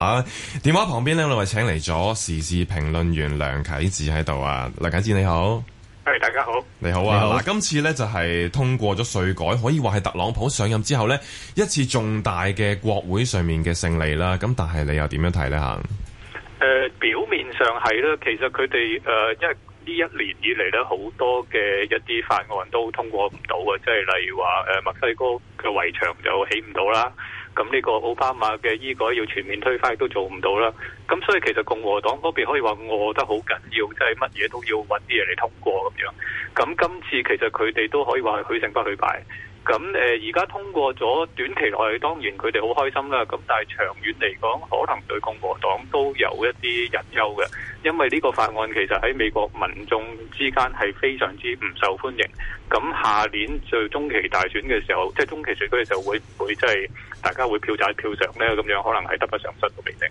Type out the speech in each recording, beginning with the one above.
啊！電話旁邊呢，我哋請嚟咗時事評論員梁啟智喺度啊！梁啟智你好，係大家好，你好啊！嗱、嗯，啊、今次呢，就係、是、通過咗稅改，可以話係特朗普上任之後呢一次重大嘅國會上面嘅勝利啦。咁、啊、但係你又點樣睇呢？吓？誒，表面上係啦，其實佢哋誒，因為呢一年以嚟呢，好多嘅一啲法案都通過唔到嘅，即係例如話誒、呃，墨西哥嘅圍牆就起唔到啦。咁呢個奧巴馬嘅醫改要全面推翻亦都做唔到啦，咁所以其實共和黨嗰邊可以話餓得好緊要，即係乜嘢都要搵啲嘢嚟通過咁樣。咁今次其實佢哋都可以話係許勝不許敗。咁誒而家通過咗短期內，當然佢哋好開心啦。咁但係長遠嚟講，可能對共和黨都有一啲隱憂嘅，因為呢個法案其實喺美國民眾之間係非常之唔受歡迎。咁下年最中期大選嘅時候，即係中期選舉嘅時候會會、就是，會唔會即係大家會票債票償呢？咁樣可能係得不償失嘅未定。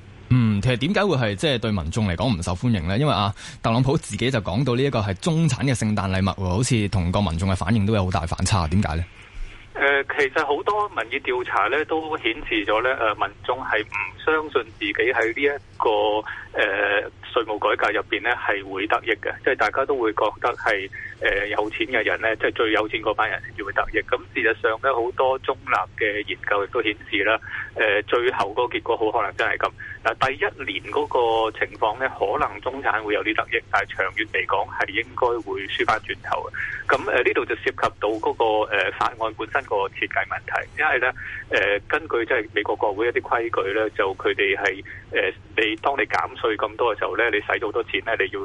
其實點解會係即係對民眾嚟講唔受歡迎呢？因為阿、啊、特朗普自己就講到呢一個係中產嘅聖誕禮物，好似同個民眾嘅反應都有好大反差。點解呢？誒、呃，其實好多民意調查咧都顯示咗咧，誒、呃，民眾係唔相信自己喺呢一個。改革入邊咧，係會得益嘅，即係大家都會覺得係誒有錢嘅人咧，即係最有錢嗰班人先至會得益。咁事實上咧，好多中立嘅研究亦都顯示啦，誒最後個結果好可能真係咁。嗱，第一年嗰個情況咧，可能中產會有啲得益，但係長遠嚟講係應該會輸翻轉頭嘅。咁誒呢度就涉及到嗰個誒法案本身個設計問題，因為咧誒根據即係美國國會一啲規矩咧，就佢哋係誒。你當你減稅咁多嘅時候呢，你使咗好多錢呢，你要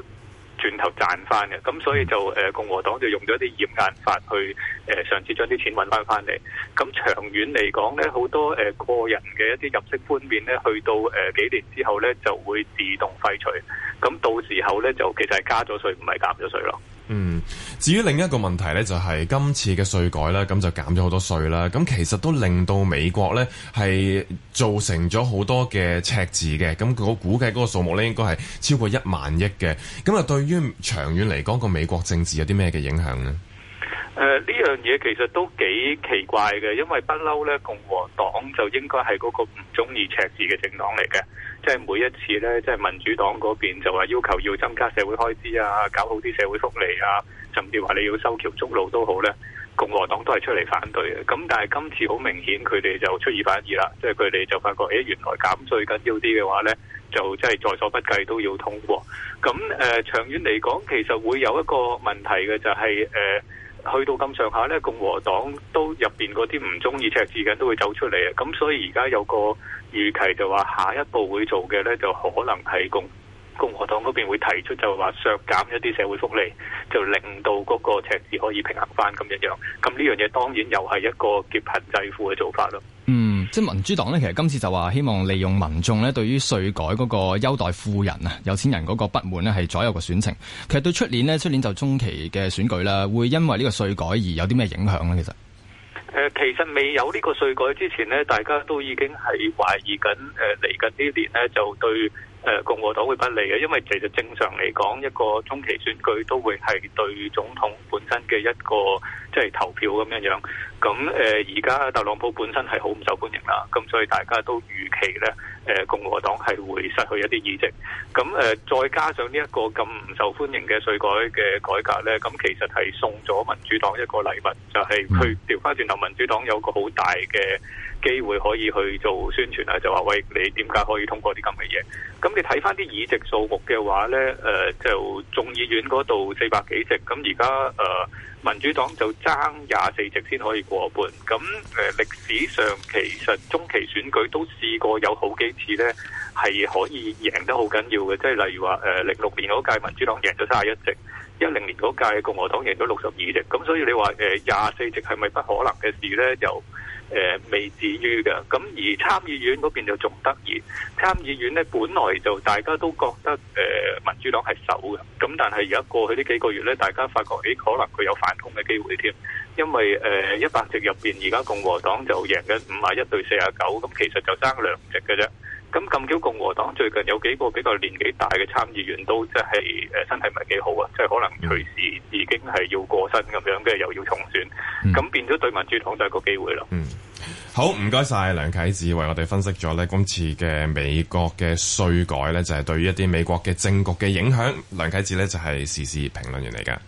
轉頭賺翻嘅，咁所以就誒共和黨就用咗啲嚴硬法去誒、呃、嘗試將啲錢揾翻翻嚟。咁長遠嚟講呢好多誒、呃、個人嘅一啲入息寬免呢去到誒、呃、幾年之後呢就會自動廢除。咁到時候呢，就其實係加咗稅，唔係減咗稅咯。嗯，至於另一個問題呢，就係今次嘅稅改啦，咁就減咗好多稅啦。咁其實都令到美國呢係造成咗好多嘅赤字嘅。咁我估計嗰個數目呢應該係超過一萬億嘅。咁啊，對於長遠嚟講，個美國政治有啲咩嘅影響呢？誒、呢、呃、樣嘢其實都幾奇怪嘅，因為不嬲咧，共和黨就應該係嗰個唔中意赤字嘅政黨嚟嘅，即、就、係、是、每一次咧，即、就、係、是、民主黨嗰邊就話要求要增加社會開支啊，搞好啲社會福利啊，甚至話你要修橋築路都好咧，共和黨都係出嚟反對嘅。咁但係今次好明顯，佢哋就出爾反爾啦，即係佢哋就發覺，誒、欸，原來減稅緊要啲嘅話咧，就即係在所不計都要通過。咁誒、呃，長遠嚟講，其實會有一個問題嘅就係、是、誒。呃去到咁上下咧，共和黨都入邊嗰啲唔中意赤字嘅都會走出嚟啊！咁所以而家有個預期就話下一步會做嘅咧，就可能係共共和黨嗰邊會提出就話削減一啲社會福利，就令到嗰個赤字可以平衡翻咁一樣。咁呢樣嘢當然又係一個劫貧濟富嘅做法咯。嗯，即係民主黨呢，其實今次就話希望利用民眾呢對於稅改嗰個優待富人啊、有錢人嗰個不滿呢，係左右個選情。其實對出年呢，出年就中期嘅選舉啦，會因為呢個稅改而有啲咩影響呢？其實誒、呃，其實未有呢個稅改之前呢，大家都已經係懷疑緊，誒，嚟緊呢年呢，就對。誒共和黨會不利嘅，因為其實正常嚟講，一個中期選舉都會係對總統本身嘅一個即係、就是、投票咁樣樣。咁誒而家特朗普本身係好唔受歡迎啦，咁所以大家都預期咧，誒、呃、共和黨係會失去一啲議席。咁誒、呃、再加上呢一個咁唔受歡迎嘅稅改嘅改革咧，咁其實係送咗民主黨一個禮物，就係佢調返轉頭，民主黨有個好大嘅機會可以去做宣傳啊，就話喂，你點解可以通過啲咁嘅嘢？咁你睇翻啲議席數目嘅話呢，誒、呃、就眾議院嗰度四百幾席，咁而家誒民主黨就爭廿四席先可以過半。咁誒、呃、歷史上其實中期選舉都試過有好幾次呢，係可以贏得好緊要嘅。即、就、係、是、例如話誒零六年嗰屆民主黨贏咗三十一席，一零年嗰屆共和黨贏咗六十二席。咁所以你話誒廿四席係咪不，不可能嘅事呢？又誒、呃、未至於嘅，咁而參議院嗰邊就仲得意。參議院呢，本來就大家都覺得誒、呃、民主黨係守嘅，咁但係而家過去呢幾個月呢，大家發覺誒、欸、可能佢有反攻嘅機會添，因為誒一百席入面而家共和黨就贏緊五啊一對四啊九，咁其實就爭兩席嘅啫。咁，今朝共和黨最近有幾個比較年紀大嘅參議員都即係誒，身體唔係幾好啊，即係可能隨時已經係要過身咁樣，跟住又要重選，咁變咗對民主黨就係個機會咯。嗯，好，唔該晒梁啟智為我哋分析咗呢，今次嘅美國嘅稅改呢，就係對於一啲美國嘅政局嘅影響。梁啟智呢，就係時事評論員嚟㗎。